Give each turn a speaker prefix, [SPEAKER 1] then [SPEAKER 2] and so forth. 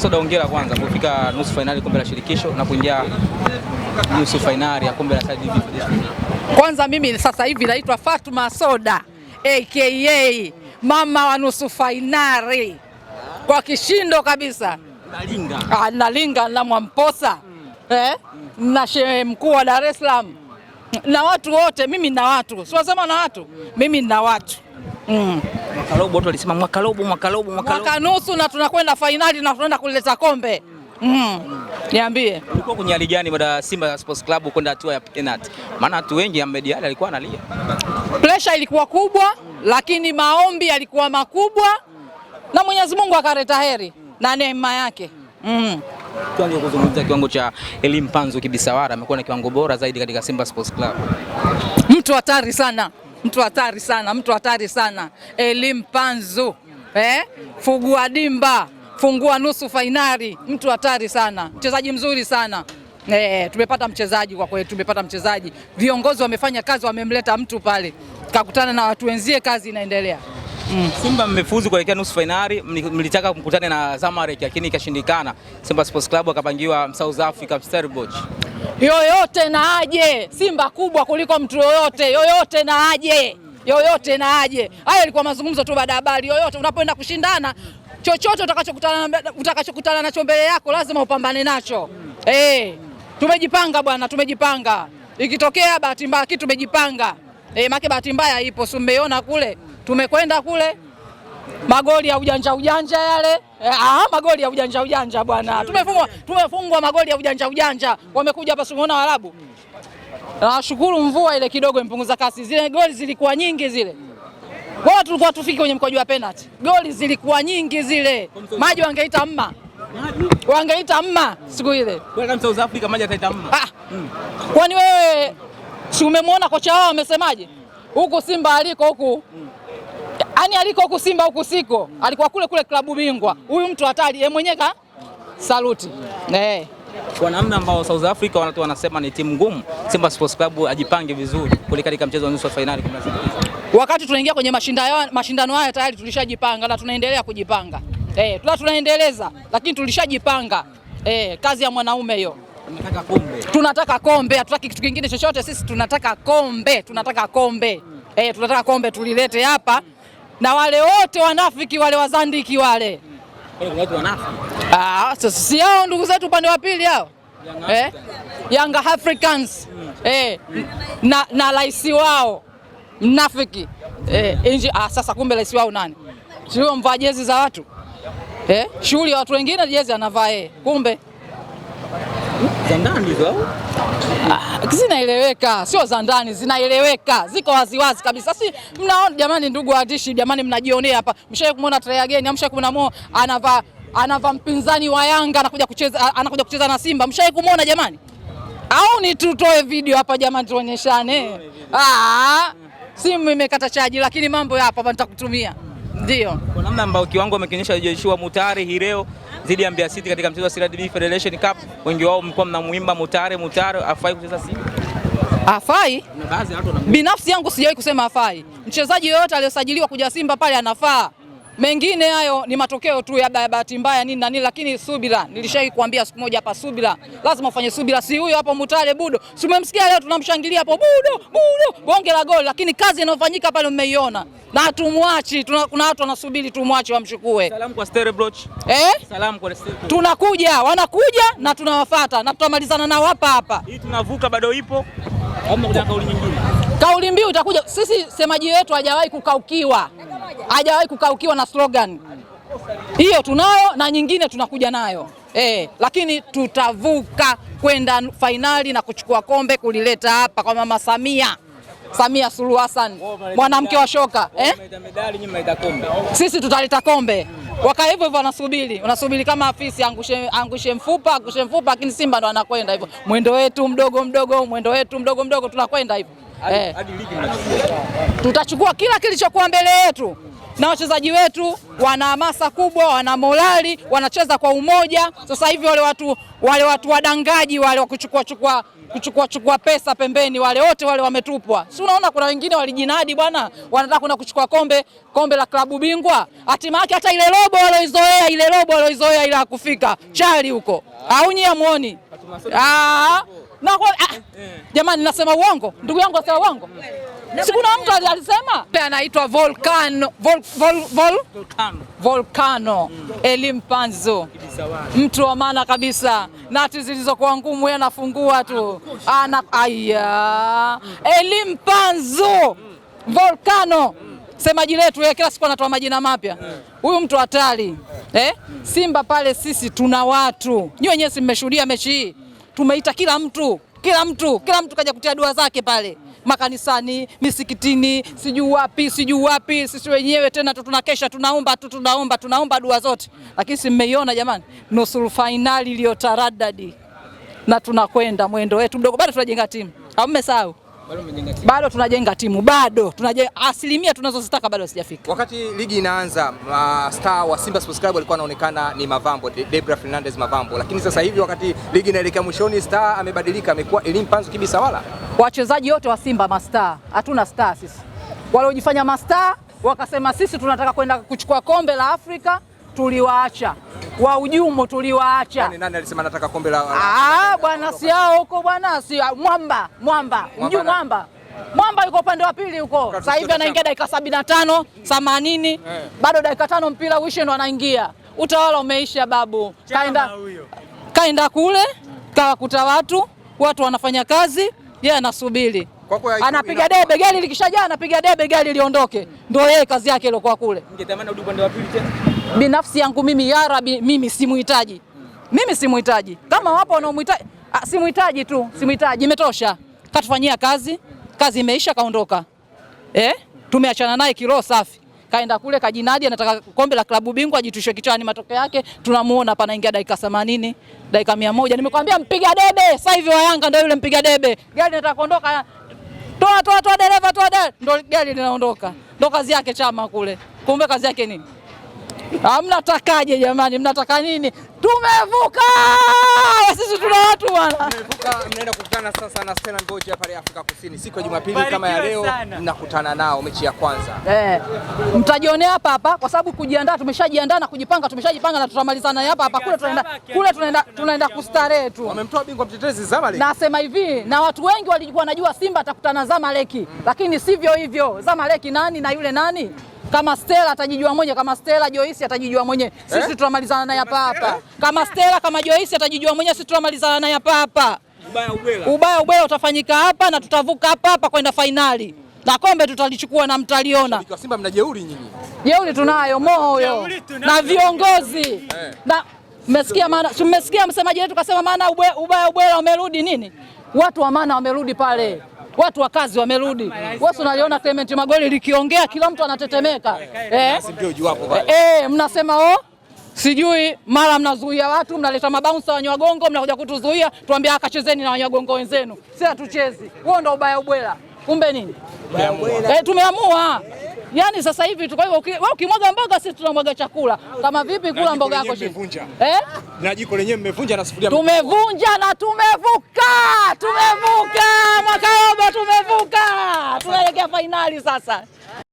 [SPEAKER 1] Kwa hongera kwanza kufika nusu fainali kombe la shirikisho na kuingia nusu fainali ya kombe la Saidi
[SPEAKER 2] Kwanza mimi sasa hivi naitwa Fatuma Soda aka mama wa nusu fainali kwa kishindo kabisa, ah, nalinga na Mwamposa eh, na shehe mkuu wa Dar es Salaam na watu wote, mimi na watu siwasema na watu, mimi na watu Mm.
[SPEAKER 1] Mwaka robo watu alisema mwaka robo, mwaka robo, mwaka
[SPEAKER 2] robo. Mwaka nusu na tunakwenda fainali na tunaenda kuleta kombe. Mm. mm. Niambie.
[SPEAKER 1] Ulikuwa kwenye hali gani baada ya Simba Sports Club kwenda hatua ya penalty? Maana watu wengi Ahmed Ally alikuwa analia.
[SPEAKER 2] Pressure ilikuwa kubwa mm, lakini maombi yalikuwa makubwa mm, na Mwenyezi Mungu akaleta heri mm, na neema yake. Mm.
[SPEAKER 1] Tuanze kuzungumzia kiwango cha Elimpanzu Kibisawara amekuwa na kiwango bora zaidi katika Simba Sports Club.
[SPEAKER 2] Mtu hatari sana mtu hatari sana, mtu hatari sana. Elimu Panzu eh? Fugua dimba, fungua nusu fainali, mtu hatari sana, mchezaji mzuri sana. E, tumepata mchezaji kwa kweli, tumepata mchezaji. Viongozi wamefanya kazi, wamemleta mtu pale, kakutana na watu wenzie, kazi inaendelea.
[SPEAKER 1] Mm. Simba mmefuzu kuelekea nusu fainali, mlitaka mkutane na Zamalek lakini ikashindikana. Simba Sports Club akapangiwa South Africa Stellenbosch.
[SPEAKER 2] Yoyote na aje, Simba kubwa kuliko mtu yoyote, yoyote na aje, yoyote na aje. Hayo ilikuwa mazungumzo tu baada ya habari. Yoyote unapoenda kushindana, chochote utakachokutana utakachokutana nacho mbele yako lazima upambane nacho. Mm. Eh, hey, tumejipanga bwana, tumejipanga. Ikitokea bahati mbaya kitu tumejipanga. Eh, hey, make bahati mbaya ipo, si kule tumekwenda kule magoli ya ujanja ujanja yale. Ah, magoli ya ujanja ujanja bwana, tumefungwa tumefungwa magoli ya ujanja ujanja. Wamekuja hapa simuona Waarabu. Nashukuru ah, mvua ile kidogo imepunguza kasi, zile goli zilikuwa nyingi zile kwa tulikuwa tufiki kwenye mkwaju wa penalty. Goli zilikuwa nyingi zile. Maji wangeita mma. Wangeita mma siku ile.
[SPEAKER 1] Kwa kama South Africa maji ataita mma.
[SPEAKER 2] Ah, kwani wewe si umemwona kocha wao amesemaje? Huku Simba aliko huku. Mm. Ani aliko huku Simba huku siko, alikuwa kule kule klabu bingwa. Huyu mtu hatari yeye mwenyewe ka saluti eh
[SPEAKER 1] kwa namna ambao South Africa watu wanasema ni timu ngumu. Simba Sports Club ajipange vizuri kuelekea katika mchezo wa nusu fainali.
[SPEAKER 2] Wakati tunaingia kwenye mashindano haya tayari tulishajipanga na tunaendelea kujipanga eh, tuna tunaendeleza, lakini tulishajipanga eh, kazi ya mwanaume hiyo.
[SPEAKER 1] Tunataka kombe,
[SPEAKER 2] tunataka kombe, hatutaki kitu kingine chochote. Sisi tunataka kombe, tunataka kombe eh, tunataka kombe tulilete hapa na wale wote wanafiki wale wazandiki wale ah, si hao ndugu zetu upande wa pili hao eh? Young Africans mm. Eh, mm. na, na rais wao mnafiki eh, inji, ah, sasa kumbe rais wao nani hmm. sio mvaa jezi za watu eh? shughuli ya watu wengine jezi anavaa yeye kumbe
[SPEAKER 1] za ndani hizo
[SPEAKER 2] Ah, zinaeleweka, sio za ndani, zinaeleweka, ziko waziwazi kabisa. Si mnaona jamani, ndugu waandishi, jamani, mnajionea hapa. Mshawahi kumwona Traore Agen, mshawahi kumwona Mo anavaa anavaa mpinzani wa Yanga anakuja kucheza, anakuja kucheza na Simba, mshawahi kumwona jamani? Au ni tutoe video hapa jamani, tuonyeshane. Ah, simu imekata chaji, lakini mambo hapa nitakutumia, ndio
[SPEAKER 1] kwa namna ambayo kiwango amekionyesha Joshua Mutari hii leo dhidi ya Mbeya City katika mchezo wa Sirad B Federation Cup. Wengi wao mlikuwa mnamuimba mutare mutare, afai kucheza Simba
[SPEAKER 2] afai. Binafsi yangu sijawahi kusema afai. Mchezaji yoyote aliyosajiliwa kuja Simba pale anafaa. Mengine hayo ni matokeo tu ya bahati mbaya nini na nini, lakini subira, nilishai kuambia siku moja hapa, subira lazima ufanye subira. Si huyo hapo Mutale Budo, si umemsikia leo tunamshangilia hapo Budo Budo, bonge la goli, lakini kazi inayofanyika pale mmeiona, na tumwachi. Kuna watu wanasubiri tumwachi wamchukue.
[SPEAKER 1] Salamu kwa Broch. eh, salamu kwa Stellenbosch.
[SPEAKER 2] Tunakuja, wanakuja na tunawafuata na tutamalizana nao hapa hapa.
[SPEAKER 1] Hii tunavuka bado ipo kauli nyingine,
[SPEAKER 2] kauli mbiu itakuja. Sisi semaji wetu hajawahi kukaukiwa hajawahi kukaukiwa na slogan hiyo. Tunayo na nyingine tunakuja nayo e, lakini tutavuka kwenda fainali na kuchukua kombe kulileta hapa kwa Mama Samia Samia Suluhu Hassan, mwanamke wa shoka eh? Sisi tutaleta kombe waka hivyo hivyo, wanasubiri wanasubiri kama afisi angushe, angushe mfupa angushe mfupa, lakini Simba ndo anakwenda hivyo, mwendo wetu mdogo mdogo, mwendo wetu mdogo mdogo, tunakwenda hivyo eh. Tutachukua kila kilichokuwa mbele yetu na wachezaji wetu wana hamasa kubwa, wana morali, wanacheza kwa umoja. Sasa hivi wale watu wale watu wadangaji wale wa kuchukua chukua kuchukua chukua pesa pembeni, wale wote wale wametupwa. Si unaona kuna wengine walijinadi bwana, wanataka kuna kuchukua kombe kombe la klabu bingwa, hatima yake hata ile robo waloizoea ile robo waloizoea ila hakufika chali huko, au nyie amuoni? Ah, ah, jamani, nasema uongo ndugu yangu, nasema uongo Sikuna mtu alisema anaitwa volcano vol, vol, vol, volcano, volcano. Mm. Elimpanzo mtu wa maana kabisa, nati zilizokuwa ngumu yeye anafungua tu ana aya Elimpanzo volcano semaji letu yeye kila siku anatoa majina mapya hmm. huyu mtu hatari eh? Simba pale sisi tuna watu, nyinyi wenyewe si mmeshuhudia mechi hii, tumeita kila mtu kila mtu, kila mtu kaja kutia dua zake pale makanisani, misikitini, sijui wapi, sijui wapi. Sisi wenyewe tena tu tunakesha, tunaomba tu, tunaomba, tunaomba dua zote, lakini si mmeiona jamani, nusu fainali iliyotaradadi na tunakwenda mwendo wetu mdogo, bado tunajenga timu, hammesahau bado tunajenga timu, bado tunajenga, asilimia tunazozitaka bado sijafika.
[SPEAKER 1] Wakati ligi inaanza, uh, star wa Simba Sports Club alikuwa anaonekana ni Mavambo, Debra Fernandez Mavambo, lakini sasa hivi wakati ligi inaelekea mwishoni, star amebadilika, amekuwa Elimpanzo kibisa. Wala
[SPEAKER 2] wachezaji wote wa Simba mastaa, hatuna star sisi, waliojifanya mastaa wakasema sisi tunataka kwenda kuchukua kombe la Afrika tuliwaacha waujumo tuliwaacha.
[SPEAKER 1] Nani alisema nataka kombe la
[SPEAKER 2] ah, bwana si hao huko bwana, si mwamba mwamba, mjuu mwamba mwamba yuko upande wa pili huko. Sasa hivi anaingia dakika sabini na tano themanini, eh. bado dakika tano mpira uishe, ndo anaingia. Utawala umeisha babu, kaenda, kaenda kule kawakuta watu watu wanafanya kazi yeye, yeah, anasubiri anapiga debe gari likishajaa, anapiga debe gari liondoke, ndio yeye kazi yake ilikuwa kule.
[SPEAKER 1] Ningetamani urudi upande wa pili tena
[SPEAKER 2] binafsi yangu mimi, ya Rabbi, mimi simuhitaji, mimi simuhitaji. Kama wapo wanaomhitaji, ah, simuhitaji tu, simuhitaji, imetosha. Katufanyia kazi, kazi imeisha, kaondoka eh? Tumeachana naye kiroho safi, kaenda kule kajinadi, anataka kombe la klabu bingwa, ajitwishe kichwani. Matokeo yake tunamuona hapa, anaingia dakika 80, dakika 100. Nimekwambia mpiga debe sasa hivi wa Yanga ndio yule mpiga debe, gari nataka kuondoka, toa toa toa, dereva toa, ndio gari linaondoka, ndio kazi yake Chama kule. Kumbe kazi yake nini? Ah, mnatakaje jamani, mnataka nini? Tumevuka sisi, tuna watu bwana.
[SPEAKER 1] Mnaenda kukutana sasa na Stella hapa Afrika Kusini siku ya Jumapili kama ya leo, mnakutana nao mechi ya kwanza
[SPEAKER 2] eh, mtajionea hapa hapa, kwa sababu kujiandaa, tumeshajiandaa na kujipanga, tumeshajipanga na tutamalizana hapa hapa. Kule tunaenda kule tunaenda tunaenda kustarehe tu.
[SPEAKER 1] Wamemtoa bingwa mtetezi Zamalek.
[SPEAKER 2] Nasema hivi, na watu wengi walikuwa wanajua Simba atakutana Zamalek, lakini sivyo hivyo. Zamalek nani na yule nani? Kama Stella atajijua mwenye kama Stella Joyce atajijua mwenye eh? sisi eh? tunamalizana naye hapa hapa. Kama Stella kama Joyce atajijua mwenye, sisi tunamalizana naye hapa hapa. Ubaya ubwela, ubaya ubwela utafanyika hapa na tutavuka hapa hapa kwenda fainali na kombe tutalichukua na mtaliona.
[SPEAKER 1] Simba mna jeuri nyinyi,
[SPEAKER 2] jeuri tunayo moyo na viongozi eh. na mmesikia maana, mmesikia msemaji wetu kasema maana ubaya ubwela umerudi nini, watu wa maana wamerudi pale watu wa kazi wamerudi. Wewe unaliona Clement Magoli likiongea, kila mtu anatetemeka eh? eh, eh, mnasema oh sijui mara mnazuia watu, mnaleta mabaunsa wa mnakuja kutuzuia, tuambia akachezeni na wanywagongo wenzenu, si hatuchezi. Huo ndo ubaya ubwela, kumbe nini? eh, tumeamua yani sasa hivi tuko hivyo. Wewe ukimwaga mboga, sisi tunamwaga chakula. Kama vipi kula mboga yako chini
[SPEAKER 1] eh? Na jiko lenyewe mmevunja na sufuria
[SPEAKER 2] tumevunja na tumevuka, tumevuka mwaka huu tumevuka tunaelekea fainali sasa.